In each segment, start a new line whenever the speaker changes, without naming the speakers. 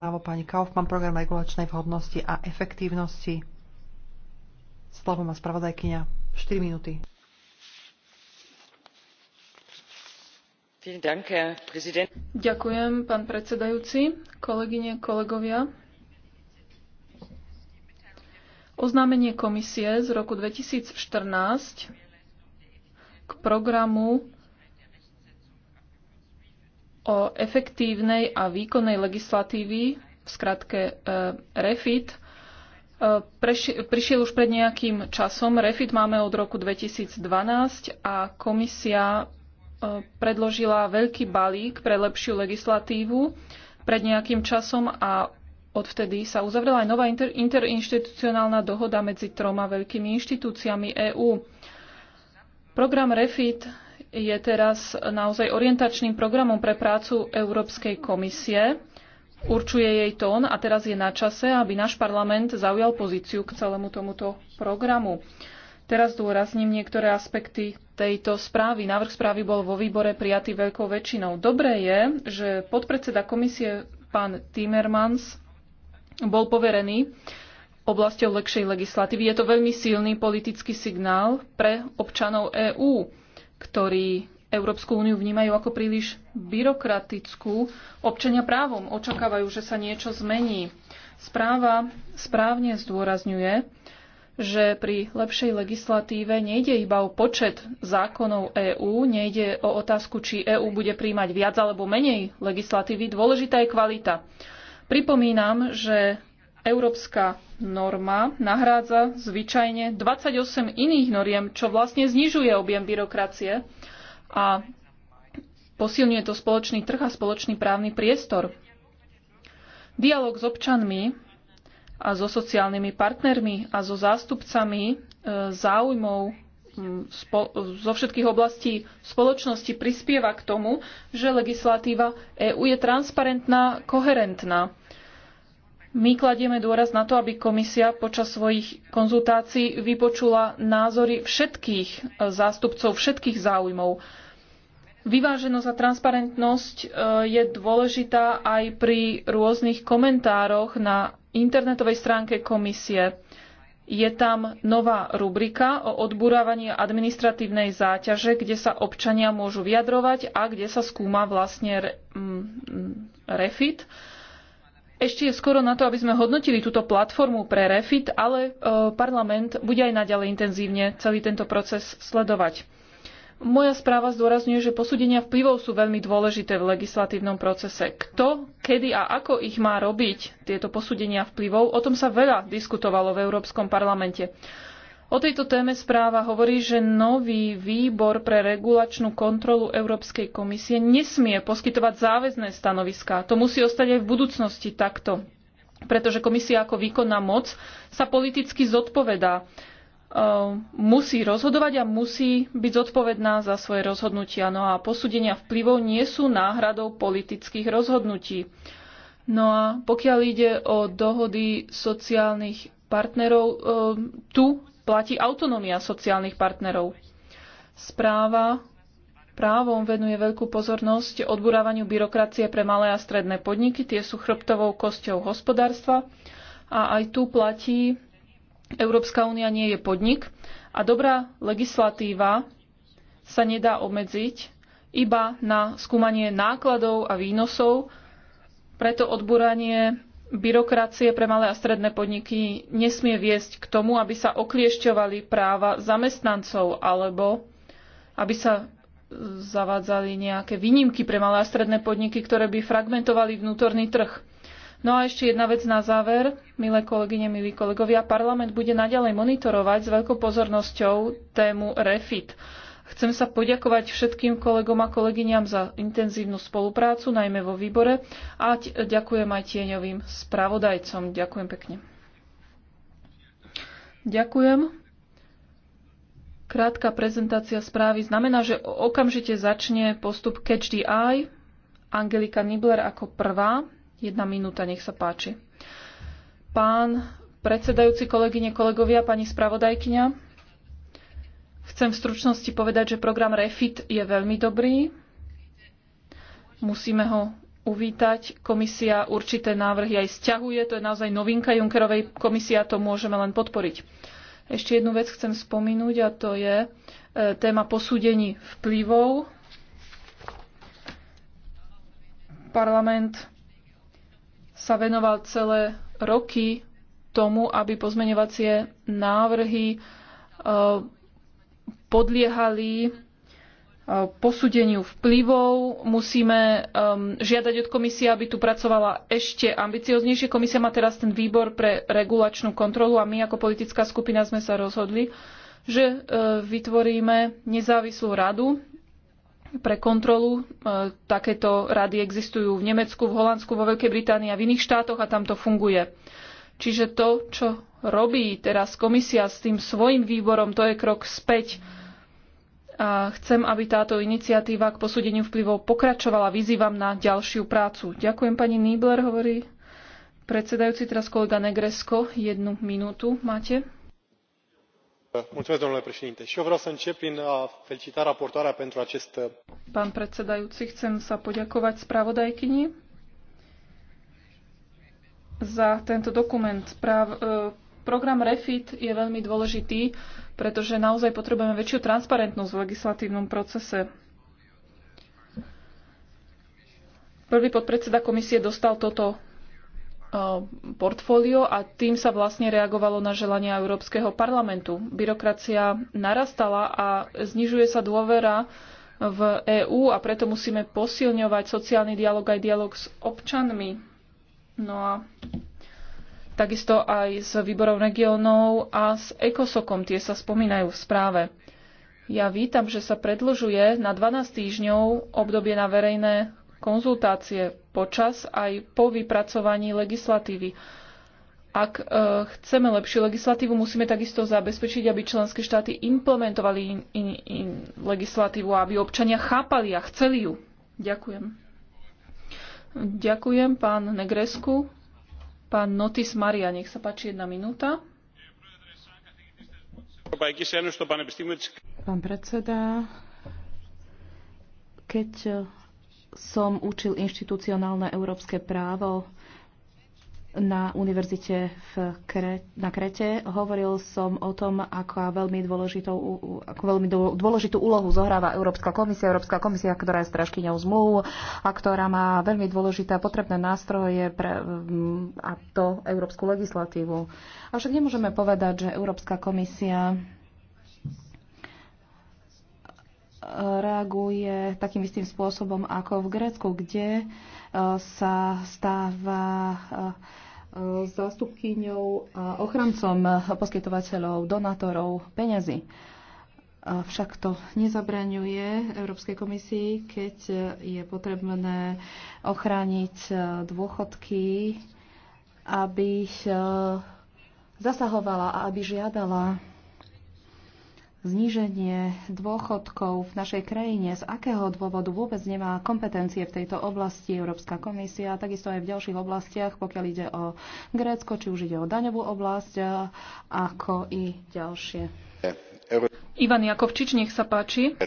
Právo pani Kaufmann, program regulačnej vhodnosti a efektívnosti. Slovo má spravodajkyňa. 4 minúty.
Ďakujem, pán predsedajúci, kolegyne, kolegovia. Oznámenie komisie z roku 2014 k programu o efektívnej a výkonnej legislatívy, v skratke e, REFIT, e, prišiel už pred nejakým časom. REFIT máme od roku 2012 a komisia e, predložila veľký balík pre lepšiu legislatívu pred nejakým časom a odvtedy sa uzavrela aj nová inter- interinstitucionálna dohoda medzi troma veľkými inštitúciami EÚ. Program REFIT je teraz naozaj orientačným programom pre prácu Európskej komisie. Určuje jej tón a teraz je na čase, aby náš parlament zaujal pozíciu k celému tomuto programu. Teraz dôrazním niektoré aspekty tejto správy. Návrh správy bol vo výbore prijatý veľkou väčšinou. Dobré je, že podpredseda komisie pán Timmermans bol poverený oblasťou lepšej legislatívy. Je to veľmi silný politický signál pre občanov EÚ ktorí Európsku úniu vnímajú ako príliš byrokratickú. Občania právom očakávajú, že sa niečo zmení. Správa správne zdôrazňuje, že pri lepšej legislatíve nejde iba o počet zákonov EÚ, nejde o otázku, či EÚ bude príjmať viac alebo menej legislatívy, dôležitá je kvalita. Pripomínam, že Európska norma nahrádza zvyčajne 28 iných noriem, čo vlastne znižuje objem byrokracie a posilňuje to spoločný trh a spoločný právny priestor. Dialóg s občanmi a so sociálnymi partnermi a so zástupcami e, záujmov zo všetkých oblastí spoločnosti prispieva k tomu, že legislatíva EÚ je transparentná, koherentná. My kladieme dôraz na to, aby komisia počas svojich konzultácií vypočula názory všetkých e, zástupcov všetkých záujmov. Vyváženosť a transparentnosť e, je dôležitá aj pri rôznych komentároch na internetovej stránke komisie. Je tam nová rubrika o odburávaní administratívnej záťaže, kde sa občania môžu vyjadrovať a kde sa skúma vlastne refit ešte je skoro na to, aby sme hodnotili túto platformu pre REFIT, ale e, parlament bude aj naďalej intenzívne celý tento proces sledovať. Moja správa zdôrazňuje, že posúdenia vplyvov sú veľmi dôležité v legislatívnom procese. Kto, kedy a ako ich má robiť, tieto posúdenia vplyvov, o tom sa veľa diskutovalo v Európskom parlamente. O tejto téme správa hovorí, že nový výbor pre regulačnú kontrolu Európskej komisie nesmie poskytovať záväzné stanoviská. To musí ostať aj v budúcnosti takto, pretože komisia ako výkonná moc sa politicky zodpovedá. E, musí rozhodovať a musí byť zodpovedná za svoje rozhodnutia. No a posúdenia vplyvov nie sú náhradou politických rozhodnutí. No a pokiaľ ide o dohody sociálnych partnerov, e, tu platí autonómia sociálnych partnerov. Správa právom venuje veľkú pozornosť odburávaniu byrokracie pre malé a stredné podniky. Tie sú chrbtovou kosťou hospodárstva. A aj tu platí, Európska únia nie je podnik a dobrá legislatíva sa nedá obmedziť iba na skúmanie nákladov a výnosov, preto odburanie byrokracie pre malé a stredné podniky nesmie viesť k tomu, aby sa okliešťovali práva zamestnancov alebo aby sa zavádzali nejaké výnimky pre malé a stredné podniky, ktoré by fragmentovali vnútorný trh. No a ešte jedna vec na záver, milé kolegyne, milí kolegovia. Parlament bude naďalej monitorovať s veľkou pozornosťou tému REFIT. Chcem sa poďakovať všetkým kolegom a kolegyňam za intenzívnu spoluprácu, najmä vo výbore, a ďakujem aj tieňovým spravodajcom. Ďakujem pekne. Ďakujem. Krátka prezentácia správy znamená, že okamžite začne postup Catch the Eye. Angelika Nibler ako prvá. Jedna minúta, nech sa páči. Pán predsedajúci, kolegyne, kolegovia, pani spravodajkyňa, Chcem v stručnosti povedať, že program REFIT je veľmi dobrý. Musíme ho uvítať. Komisia určité návrhy aj stiahuje. To je naozaj novinka Junckerovej komisia, to môžeme len podporiť. Ešte jednu vec chcem spomínuť a to je e, téma posúdení vplyvov. Parlament sa venoval celé roky tomu, aby pozmeňovacie návrhy e, podliehali eh, posúdeniu vplyvov. Musíme ehm, žiadať od komisie, aby tu pracovala ešte ambicioznejšie. Komisia má teraz ten výbor pre regulačnú kontrolu a my ako politická skupina sme sa rozhodli, že eh, vytvoríme nezávislú radu pre kontrolu. Eh, takéto rady existujú v Nemecku, v Holandsku, vo Veľkej Británii a v iných štátoch a tam to funguje. Čiže to, čo robí teraz komisia s tým svojim výborom, to je krok späť. A chcem, aby táto iniciatíva k posúdeniu vplyvov pokračovala. Vyzývam na ďalšiu prácu. Ďakujem pani Nibler, hovorí predsedajúci teraz kolega Negresko. Jednu minútu máte.
Mulțumesc, domnule președinte. Și eu vreau să încep prin a felicita raportoarea pentru acest...
Pán predsedajúci, chcem sa poďakovať spravodajkyni za tento dokument. Práv, e, program REFIT je veľmi dôležitý, pretože naozaj potrebujeme väčšiu transparentnosť v legislatívnom procese. Prvý podpredseda komisie dostal toto e, portfólio a tým sa vlastne reagovalo na želania Európskeho parlamentu. Byrokracia narastala a znižuje sa dôvera v EÚ a preto musíme posilňovať sociálny dialog aj dialog s občanmi No a takisto aj s výborom regiónov a s ekosokom, tie sa spomínajú v správe. Ja vítam, že sa predlžuje na 12 týždňov obdobie na verejné konzultácie počas aj po vypracovaní legislatívy. Ak e, chceme lepšiu legislatívu, musíme takisto zabezpečiť, aby členské štáty implementovali in, in, in legislatívu, aby občania chápali a chceli ju. Ďakujem. Ďakujem pán Negresku. Pán Notis Maria, nech sa páči jedna minúta.
Pán predseda, keď som učil inštitucionálne európske právo na univerzite v Kre, na Krete. Hovoril som o tom, ako veľmi, dôležitou, ako veľmi dôležitú úlohu zohráva Európska komisia. Európska komisia, ktorá je straškyňou zmluv a ktorá má veľmi dôležité a potrebné nástroje pre, mm, a to európsku legislatívu. Avšak nemôžeme povedať, že Európska komisia reaguje takým istým spôsobom ako v Grécku, kde e, sa stáva e, zástupkyňou a ochrancom poskytovateľov, donátorov peňazí. Však to nezabraňuje Európskej komisii, keď je potrebné ochrániť e, dôchodky, aby zasahovala a aby žiadala zníženie dôchodkov v našej krajine, z akého dôvodu vôbec nemá kompetencie v tejto oblasti Európska komisia, takisto aj v ďalších oblastiach, pokiaľ ide o Grécko, či už ide o daňovú oblasť, ako i ďalšie. Ivan Jakovčič, nech sa páči. E,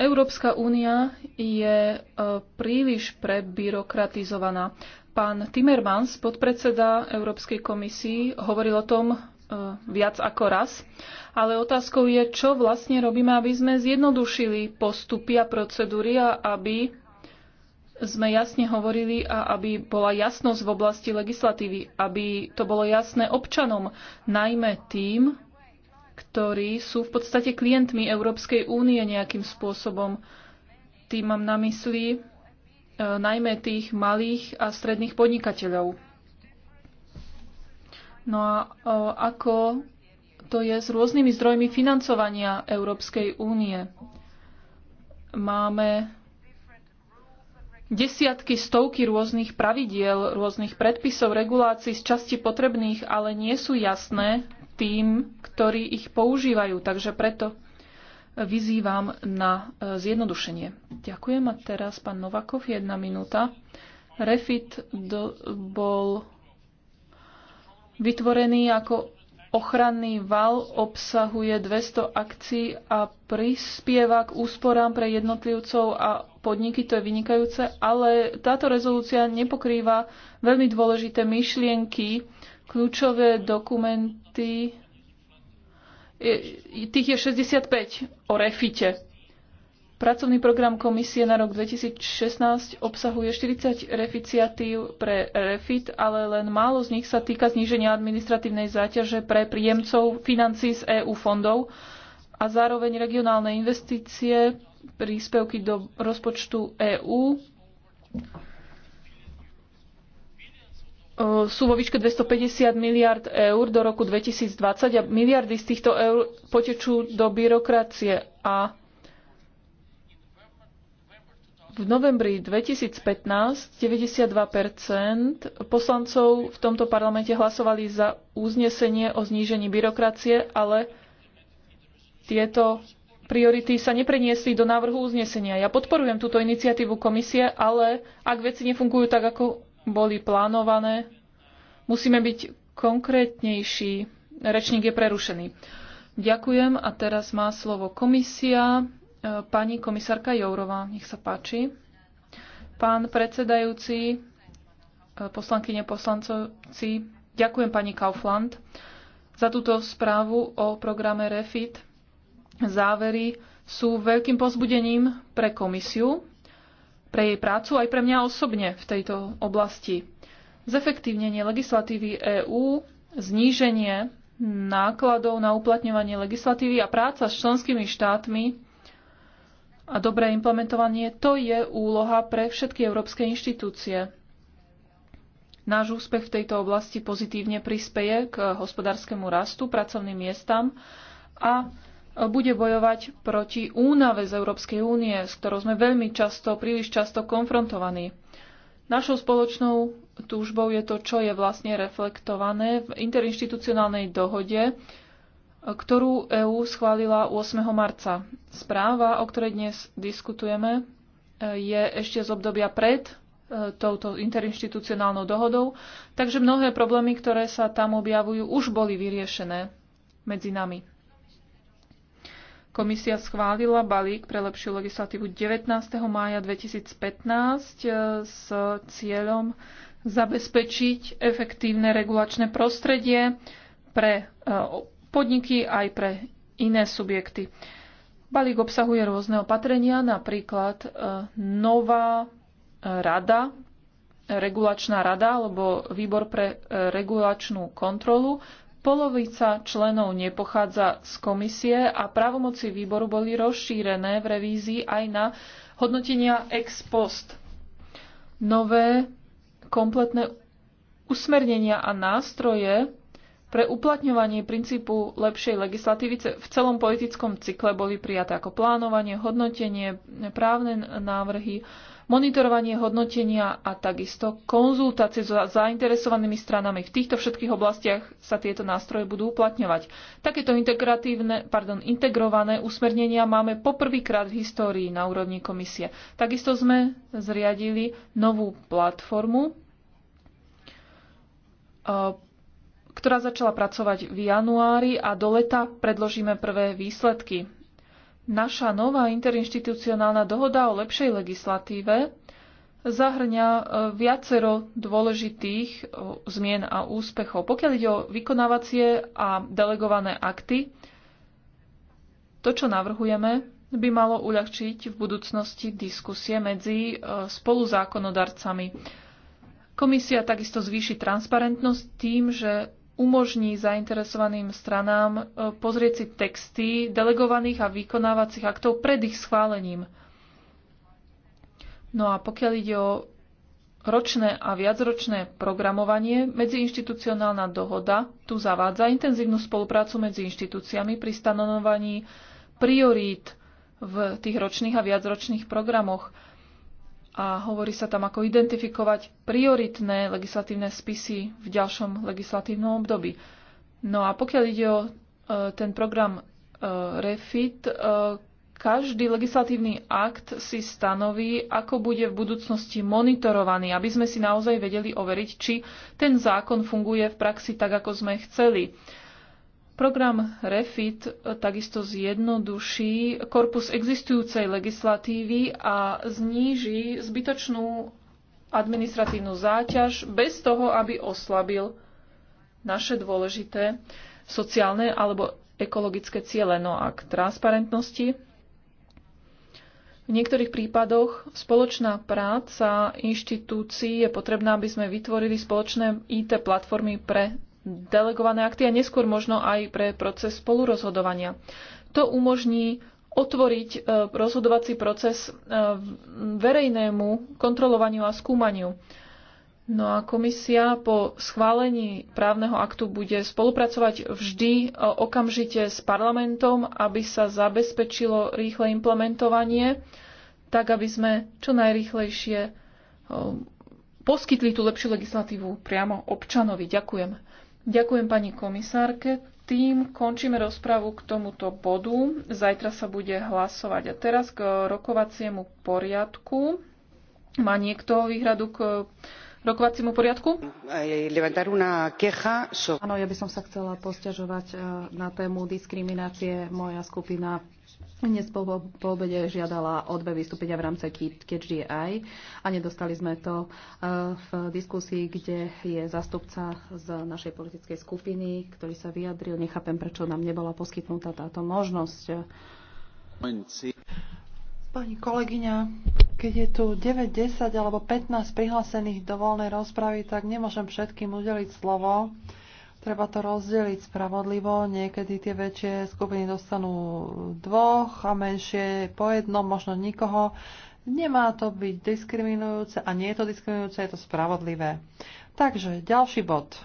Európska únia je e, príliš prebyrokratizovaná. Pán Timmermans, podpredseda Európskej komisii, hovoril o tom, E, viac ako raz. Ale otázkou je, čo vlastne robíme, aby sme zjednodušili postupy a procedúry a aby sme jasne hovorili a aby bola jasnosť v oblasti legislatívy, aby to bolo jasné občanom, najmä tým, ktorí sú v podstate klientmi Európskej únie nejakým spôsobom. Tým mám na mysli e, najmä tých malých a stredných podnikateľov. No a ako to je s rôznymi zdrojmi financovania Európskej únie? Máme desiatky, stovky rôznych pravidiel, rôznych predpisov, regulácií z časti potrebných, ale nie sú jasné tým, ktorí ich používajú. Takže preto vyzývam na e, zjednodušenie. Ďakujem a teraz pán Novakov, jedna minúta. Refit do, bol Vytvorený ako ochranný val obsahuje 200 akcií a prispieva k úsporám pre jednotlivcov a podniky, to je vynikajúce, ale táto rezolúcia nepokrýva veľmi dôležité myšlienky, kľúčové dokumenty, tých je 65 o refite. Pracovný program komisie na rok 2016 obsahuje 40 reficiatív pre REFIT, ale len málo z nich sa týka zníženia administratívnej záťaže pre príjemcov financí z EU fondov a zároveň regionálne investície, príspevky do rozpočtu EÚ e, sú vo výške 250 miliard eur do roku 2020 a miliardy z týchto eur potečú do byrokracie a v novembri 2015 92 poslancov v tomto parlamente hlasovali za uznesenie o znížení byrokracie, ale tieto priority sa nepreniesli do návrhu uznesenia. Ja podporujem túto iniciatívu komisie, ale ak veci nefungujú tak, ako boli plánované, musíme byť konkrétnejší. Rečník je prerušený. Ďakujem a teraz má slovo komisia. Pani komisárka Jourová, nech sa páči. Pán predsedajúci, e, poslankyne poslancovci, ďakujem pani Kaufland za túto správu o programe REFIT. Závery sú veľkým pozbudením pre komisiu, pre jej prácu aj pre mňa osobne v tejto oblasti. Zefektívnenie legislatívy EÚ, zníženie nákladov na uplatňovanie legislatívy a práca s členskými štátmi a dobré implementovanie, to je úloha pre všetky európske inštitúcie. Náš úspech v tejto oblasti pozitívne prispeje k hospodárskému rastu, pracovným miestam a bude bojovať proti únave z Európskej únie, s ktorou sme veľmi často, príliš často konfrontovaní. Našou spoločnou túžbou je to, čo je vlastne reflektované v interinstitucionálnej dohode, ktorú EÚ schválila 8. marca. Správa, o ktorej dnes diskutujeme, e, je ešte z obdobia pred e, touto interinstitucionálnou dohodou, takže mnohé problémy, ktoré sa tam objavujú, už boli vyriešené medzi nami. Komisia schválila balík pre lepšiu legislatívu 19. mája 2015 e, s cieľom zabezpečiť efektívne regulačné prostredie pre podniky, aj pre iné subjekty. Balík obsahuje rôzne opatrenia, napríklad e, nová e, rada, regulačná rada alebo výbor pre e, regulačnú kontrolu. Polovica členov nepochádza z komisie a právomoci výboru boli rozšírené v revízii aj na hodnotenia ex post. Nové kompletné usmernenia a nástroje pre uplatňovanie princípu lepšej legislatívy v celom politickom cykle boli prijaté ako plánovanie, hodnotenie, právne návrhy, monitorovanie hodnotenia a takisto konzultácie so zainteresovanými stranami. V týchto všetkých oblastiach sa tieto nástroje budú uplatňovať. Takéto integratívne, pardon, integrované usmernenia máme poprvýkrát v histórii na úrovni komisie. Takisto sme zriadili novú platformu ktorá začala pracovať v januári a do leta predložíme prvé výsledky. Naša nová interinštitucionálna dohoda o lepšej legislatíve zahrňa e, viacero dôležitých e, zmien a úspechov. Pokiaľ ide o vykonávacie a delegované akty, to, čo navrhujeme, by malo uľahčiť v budúcnosti diskusie medzi e, spoluzákonodarcami. Komisia takisto zvýši transparentnosť tým, že umožní zainteresovaným stranám e, pozrieť si texty delegovaných a vykonávacích aktov pred ich schválením. No a pokiaľ ide o ročné a viacročné programovanie, medziinštitucionálna dohoda tu zavádza intenzívnu spoluprácu medzi inštitúciami pri stanovovaní priorít v tých ročných a viacročných programoch a hovorí sa tam, ako identifikovať prioritné legislatívne spisy v ďalšom legislatívnom období. No a pokiaľ ide o e, ten program e, REFIT, e, každý legislatívny akt si stanoví, ako bude v budúcnosti monitorovaný, aby sme si naozaj vedeli overiť, či ten zákon funguje v praxi tak, ako sme chceli. Program REFIT e, takisto zjednoduší korpus existujúcej legislatívy a zníži zbytočnú administratívnu záťaž bez toho, aby oslabil naše dôležité sociálne alebo ekologické ciele. No a k transparentnosti. V niektorých prípadoch spoločná práca inštitúcií je potrebná, aby sme vytvorili spoločné IT platformy pre delegované akty a neskôr možno aj pre proces spolurozhodovania. To umožní otvoriť e, rozhodovací proces e, verejnému kontrolovaniu a skúmaniu. No a komisia po schválení právneho aktu bude spolupracovať vždy e, okamžite s parlamentom, aby sa zabezpečilo rýchle implementovanie, tak aby sme čo najrýchlejšie poskytli tú lepšiu legislatívu priamo občanovi. Ďakujem. Ďakujem pani komisárke. Tým končíme rozpravu k tomuto bodu. Zajtra sa bude hlasovať. A teraz k rokovaciemu poriadku. Má niekto výhradu k
rokovaciemu poriadku? Áno, ja by som sa chcela posťažovať eh, na tému diskriminácie. Moja skupina dnes po, po obede žiadala o dve vystúpenia v rámci KGI a nedostali sme to eh, v diskusii, kde je zastupca z našej politickej skupiny, ktorý sa vyjadril. Nechápem, prečo nám nebola poskytnutá táto možnosť. Pani kolegyňa, keď je tu 9, 10 alebo 15 prihlásených do voľnej rozpravy, tak nemôžem všetkým udeliť slovo. Treba to rozdeliť spravodlivo. Niekedy tie väčšie skupiny dostanú dvoch a menšie po jednom, možno nikoho. Nemá to byť diskriminujúce a nie je to diskriminujúce, je to spravodlivé. Takže ďalší bod.